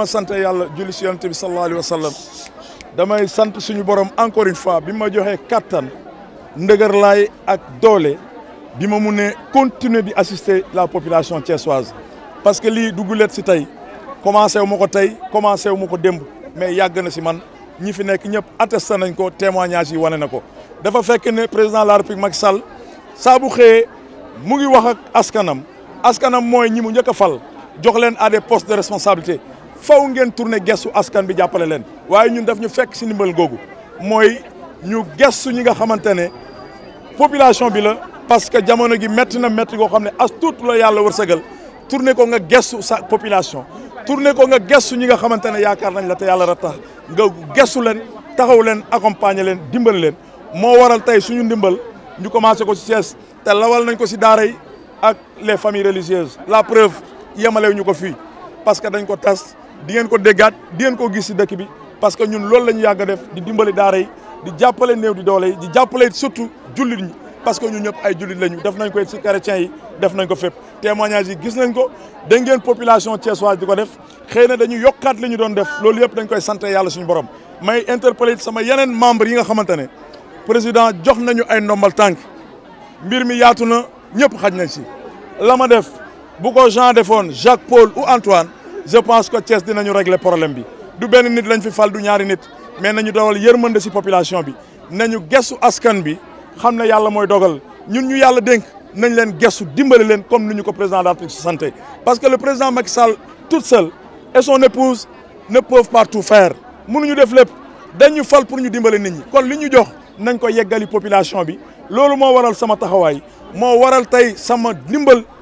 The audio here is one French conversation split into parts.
ma santé yalla julli ci yonent bi sallallahu alayhi wa sallam damay sante suñu borom encore une fois bima ma katan kattan lay ak doole bima mune continuer di assister la population tiessoise parce que li dugulet si tey commencé wu ma ko tey commencé wu ma mais yàgg na si man ñi fi nek ñep attesté nañ ko témoignage yi wané na ko dafa fekk ne président de la république Macky Sall sa bu xé mu ngi wax ak askanam askanam moy ñi mu njëkk fal jox leen à des postes de responsabilité faw ngeen tourné gestu askan bi jàppale leen waaye ñun daf ñu fekk si ndimbal googu mooy ñu gestu ñi nga xamante ne population bi la parce que jamono gi métti na métti goo xam ne as tuut la yàlla wërsëgal tourné ko nga gestu sa population tourné ko nga gestu ñi nga xamante ne yaakaar nañ la te yàlla ra tax nga gestu leen taxaw leen accompagner leen dimbal leen moo waral tey suñu ndimbal ñu commencé ko si Cees te lawal nañ ko si daara yi ak les familles religieuses la preuve yemalew ñu ko fii parce que dañ ko tas di ngeen ko déggaat di ngeen ko gis si dëkk bi parce que ñun loolu lañu ñu yàgg a def di dimbali daara yi di jàppale néew di doole yi di jàppale surtout jullit ñi parce que ñun ñëpp ay jullit lañu def nañ ko ci chrétiens yi def nañ ko fépp témoignage yi gis nañ ko da ngeen population thiessoise di ko def xëy na dañu yokkaat li ñu doon def loolu yëpp dañ koy sant yàlla suñu borom may interpellé sama yeneen membre yi nga xamante ne président jox nañu ay ndombal tànk mbir mi yaatu na ñëpp xaj nañ si la ma def bu ko Jean defoon Jacques Paul ou Antoine je pense que Thiès dinañu régler problème bi du ben nit lañ fi fal du ñaari nit mais nañu dawal yërmande ci population bi nañu gessu askan bi xamna yalla moy dogal ñun ñu yalla denk nañ leen gessu dimbali leen comme ni ñu ko président de la République santé parce que le président Macky Sall toute seule et son épouse ne peuvent pas tout faire mënuñu def lépp dañu fal pour ñu dimbali nit ñi kon li ñu jox nañ ko yeggali population bi lolu mo waral sama taxaway mo waral tay sama dimbal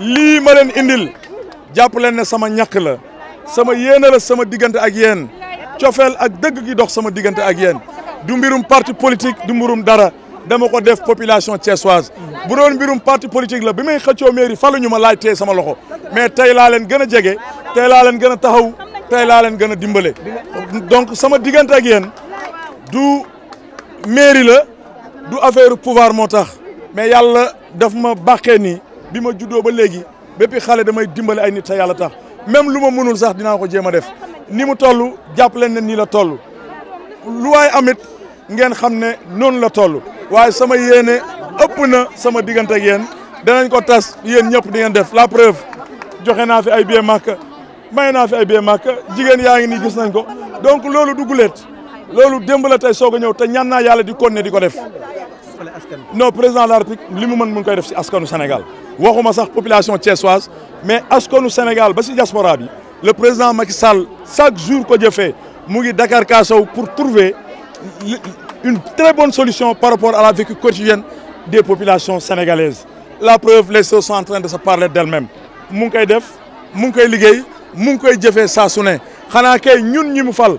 lii ma leen indil jàpp leen ne sama ñàkk la sama yéene la sama diggante ak yéen cofeel ak dëgg gi dox sama diggante ak yéen du mbirum parti politique du mbirum dara dama ko def population thiessoise bu doon mbirum parti politique la bi may xëccoo mairie ñu ma laaj tey sama loxo mais tey laa leen gën a jege tey laa leen gën a taxaw tey laa leen gën a dimbale donc sama diggante ak yéen du mairie la du affaire pouvoir moo tax mais yàlla daf ma bàqee nii bi ma juddoo ba léegi bépp xale damay dimbale ay nit te yàlla tax même lu ma mënul sax dinaa ko jéem a def ni mu toll jàpp leen ne nii la toll lu waay amit ngeen xam ne noonu la toll waaye sama yéene ëpp na sama diggante ak yéen danañ ko tas yéen ñëpp di ngeen def la preuve joxe naa fi ay billet Makka may naa fi ay billet Makka jigéen yaa ngi nii gis nañ ko donc loolu du guleet loolu démb la tey soog a ñëw te ñaan naa yàlla di continuer di ko def Non, le président de la République li mu mën mu ngi koy def si askanu Sénégal waxuma sax population tchèsoise, mais au Sénégal ba si diaspora le président Macky Sall chaque jour ko il fait, ngi Dakar Kassou pour trouver une très bonne solution par rapport à la vie quotidienne des populations sénégalaises la preuve les choses sont en train de se parler d'elles-mêmes Mon ngi koy def mu ngi koy liggéey mu ça. koy jëfee saa su ne kay ñun ñi mu fal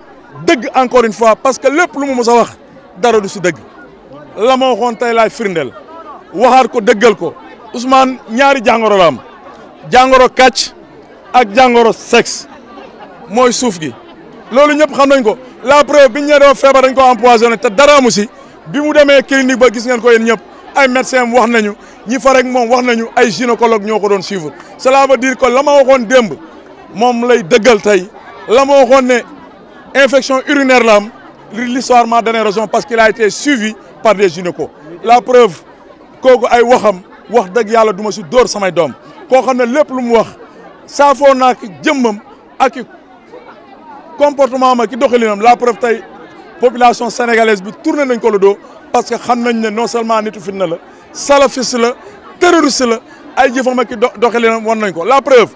deug encore une fois parce que lepp lu mu mës wax dara du ci deug la ma waxoon tey laay firndeel waxaat ko dëggal ko Ousmane ñaari jangoro la jangoro jàngoro ak jangoro sexe moy souf gi lolou ñëpp xam nañ ko la preuve biñ ñee doo feebar dañ ko empoisoner te dara mu si bi mu démé clinique ba gis ngeen ko yéen ñëpp ay médecin wax nañu ñi fa rek wax nañu ay gynécologue ñoko doon suivre cela veut dire que lama ma demb mom lay dëggal tay lama ma ne infection urinaire là, l'histoire m'a donné raison parce qu'il a été suivi par des gynécos. La preuve, kogo ay waxam wax dëgg yalla duma ci si samay dom koo xam ne lu mu wax saafoo naa ki jëmmam ak comportement ma ki la preuve tay population sénégalaise bi tourner nañ ko le dos parce que xam nañ ne non seulement nitu fitna la salafiste la terroriste la ay jëfam ak i doxalinam nañ ko la preuve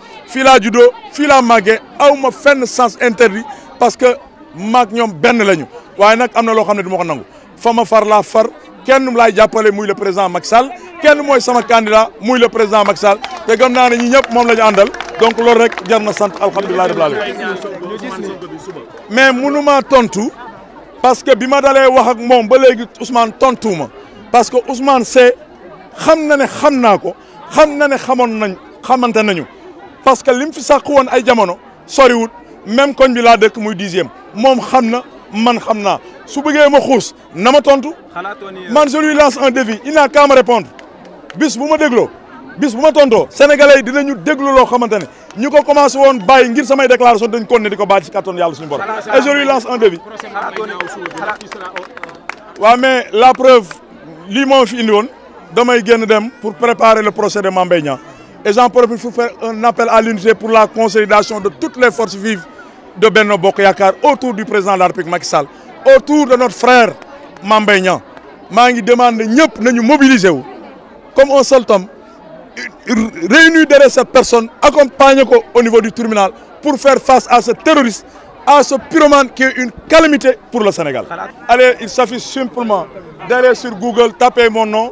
Fila Judo, Fila Magé, sens interdit parce que maag ñom ben lañu waye nak amna lo ko nangu le président Macky Sall kenn moy sama candidat muy le président Macky Sall te gëm na ne ñi ñëpp mom lañu donc rek jarna sante mais tout tontu parce que bima dalé wax ak mom ba Ousmane tontuma parce que Ousmane c'est xamna né ne ko xamna ne nañ parce que li mu fi sàq woon ay jamono wut même koñ bi la dekk muy dixième e mom xamna man xamna su beugé ma xuus nama tontu. Euh, man je lui lance un défi il n'a qu'à me répondre bis buma ma bis buma tonto sénégalais dinañu déglu lo xamante ñuko commencé won bàyyi ngir samay déclaration dañ kon ne di ko ci carton yalla suñu borom et je lui lance un défi. wa mais la preuve lii mo fi indi won damay genn dem pour préparer le procès de Mame Niang et j'en profite pour faire un appel à l'UNG pour la consolidation de toutes les forces vives de Benno Bokoyakar autour du président de la République autour de notre frère Mambé Je demande de nous mobiliser comme un seul homme, réunis derrière cette personne, accompagnés au niveau du terminal pour faire face à ce terroriste, à ce pyromane qui est une calamité pour le Sénégal. Allez, il suffit simplement d'aller sur Google, taper mon nom,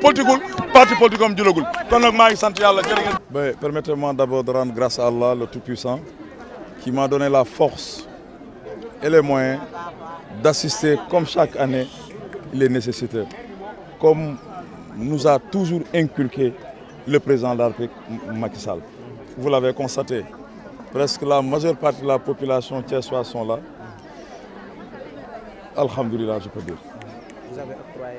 parti ben, permettez-moi d'abord de rendre grâce à Allah le Tout-Puissant qui m'a donné la force et les moyens d'assister comme chaque année les nécessiteurs comme nous a toujours inculqué le président de Vous l'avez constaté, presque la majeure partie de la population tchessoise sont là. Alhamdulillah, je peux dire. Vous avez octroyé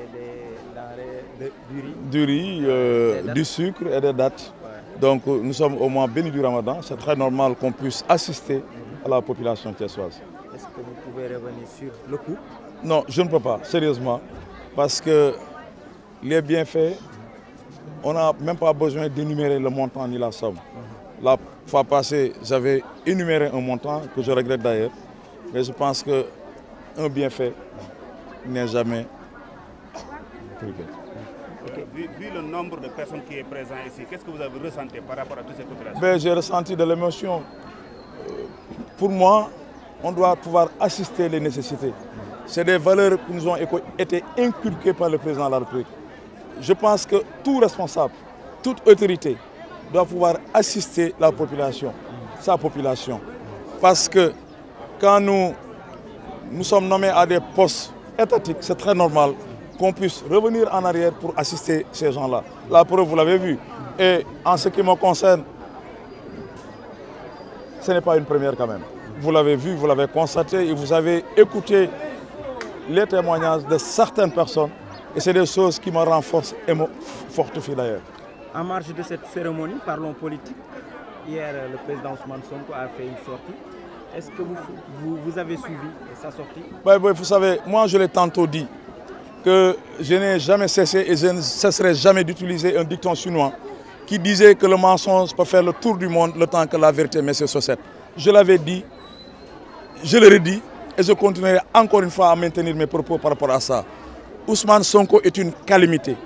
du riz, du, riz euh, du, sucre et des dates. Donc euh, nous sommes au moins bénis du ramadan. C'est très normal qu'on puisse assister mhm. à la population tessoise. Est-ce que vous pouvez revenir sur le coût Non, je ne peux pas, sérieusement. Parce que les bienfaits, on n'a même pas besoin d'énumérer le montant ni la somme. Mhm. La fois passée, j'avais énuméré un montant que je regrette d'ailleurs. Mais je pense que un bienfait n'est jamais privé. Vu, le nombre de personnes qui est présent ici, qu'est-ce que vous avez ressenti par rapport à toutes ces populations ben, J'ai ressenti de l'émotion. Pour moi, on doit pouvoir assister les nécessités. C'est des valeurs qui nous ont été inculquées par le président de la République. Je pense que tout responsable, toute autorité doit pouvoir assister la population, sa population. Parce que quand nous nous sommes nommés à des postes étatiques, c'est très normal qu'on puisse revenir en arrière pour assister ces gens-là. La preuve, vous l'avez vu. Et en ce qui me concerne, ce n'est pas une première quand même. Vous l'avez vu, vous l'avez constaté et vous avez écouté les témoignages de certaines personnes. Et c'est des choses qui me renforcent et me fortifient d'ailleurs. En marge de cette cérémonie, parlons politique. Hier, le président Ousmane Sonko a fait une sortie est-ce que vous, avez suivi sa sortie Vous savez, moi je l'ai tantôt dit que je n'ai jamais cessé et je ne cesserai jamais d'utiliser un dicton chinois qui disait que le mensonge peut faire le tour du monde le temps que la vérité met ses chaussettes. Je l'avais dit, je le redis et je continuerai encore une fois à maintenir mes propos par rapport à ça. Ousmane Sonko est une calamité,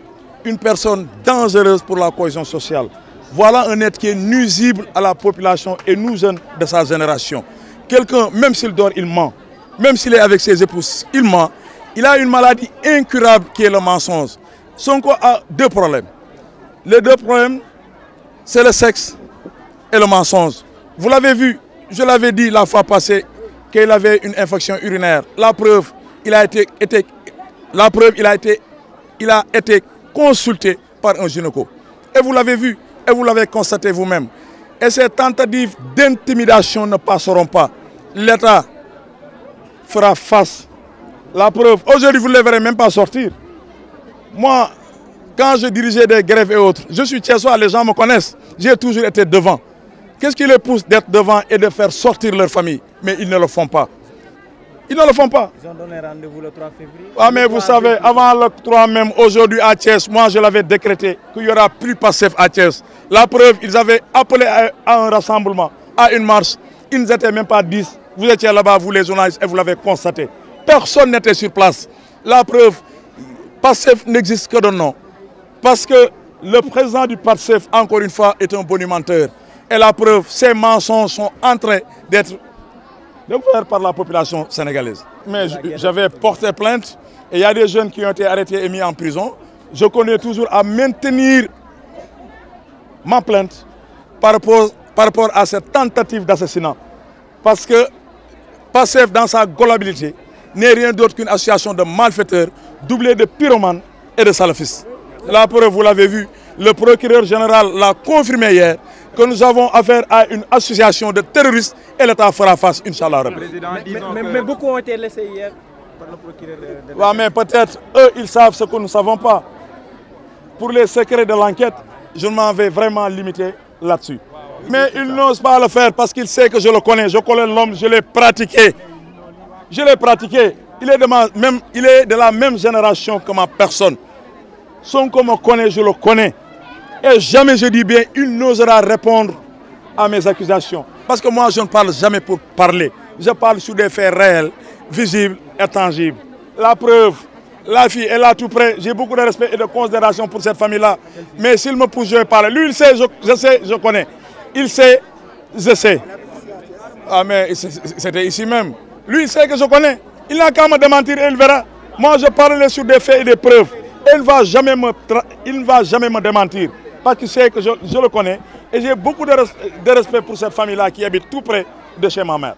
une personne dangereuse pour la cohésion sociale. Voilà un être qui est nuisible à la population et nous jeunes de sa génération. Quelqu'un, même s'il dort, il ment. Même s'il est avec ses épouses, il ment. Il a une maladie incurable qui est le mensonge. Son Sonko a deux problèmes. Les deux problèmes, c'est le sexe et le mensonge. Vous l'avez vu, je l'avais dit la fois passée qu'il avait une infection urinaire. La preuve, il a été, été, la preuve, il a été, il a été consulté par un gynéco. Et vous l'avez vu, et vous l'avez constaté vous-même. Et ces tentatives d'intimidation ne passeront pas. L'État fera face. La preuve, aujourd'hui, vous ne les verrez même pas sortir. Moi, quand je dirigeais des grèves et autres, je suis Tchessois, les gens me connaissent. J'ai toujours été devant. Qu'est-ce qui les pousse d'être devant et de faire sortir leur famille Mais ils ne le font pas. Ils ne le font pas. Ils ont donné rendez-vous le 3 février. Ah, mais vous savez, avant le 3 même, aujourd'hui à Thiès, moi je l'avais décrété qu'il n'y aura plus PASSEF à Thiès. La preuve, ils avaient appelé à un rassemblement, à une marche. Ils n'étaient même pas 10. Vous étiez là-bas, vous les journalistes, et vous l'avez constaté. Personne n'était sur place. La preuve, PASSEF n'existe que de nom. Parce que le président du PASSEF, encore une fois, est un bonimenteur. Et la preuve, ces mensonges sont en train d'être découverts par la population sénégalaise. Mais j'avais porté plainte et il y a des jeunes qui ont été arrêtés et mis en prison. Je connais toujours à maintenir ma plainte par rapport, à cette tentative d'assassinat. Parce que PASSEF, dans sa globalité, n'est rien d'autre qu'une association de malfaiteurs doublée de pyromanes et de salafistes. Là, pour vous l'avez vu, le procureur général l'a confirmé hier, que nous avons affaire à une association de terroristes et l'État fera face, Inch'Allah. Mais, mais, beaucoup ont été laissés hier par le procureur. De mais peut-être, eux, ils savent ce que nous ne savons pas. Pour les secrets de l'enquête, je m'en vais vraiment limiter là-dessus. Mais il n'ose pas le faire parce qu'il sait que je le connais. Je connais l'homme, je l'ai pratiqué. Je l'ai pratiqué. Il est, de il est de la même génération que ma personne. Son comme me connaît, je le connais. Et jamais je dis bien, il n'osera répondre à mes accusations. Parce que moi, je ne parle jamais pour parler. Je parle sur des faits réels, visibles et tangibles. La preuve, la fille est là tout près. J'ai beaucoup de respect et de considération pour cette famille-là. Mais s'il me pousse, je vais parler. Lui, il sait, je, sais, je connais. Il sait, je sais. Ah mais c'était ici même. Lui, il sait que je connais. Il n'a qu'à me démentir et il verra. Moi, je parle sur des faits et des preuves. Il ne va jamais me, il va jamais me démentir. Parce qu'il sait que je, le connais. Et j'ai beaucoup de respect pour cette famille-là qui habite tout près de chez ma mère.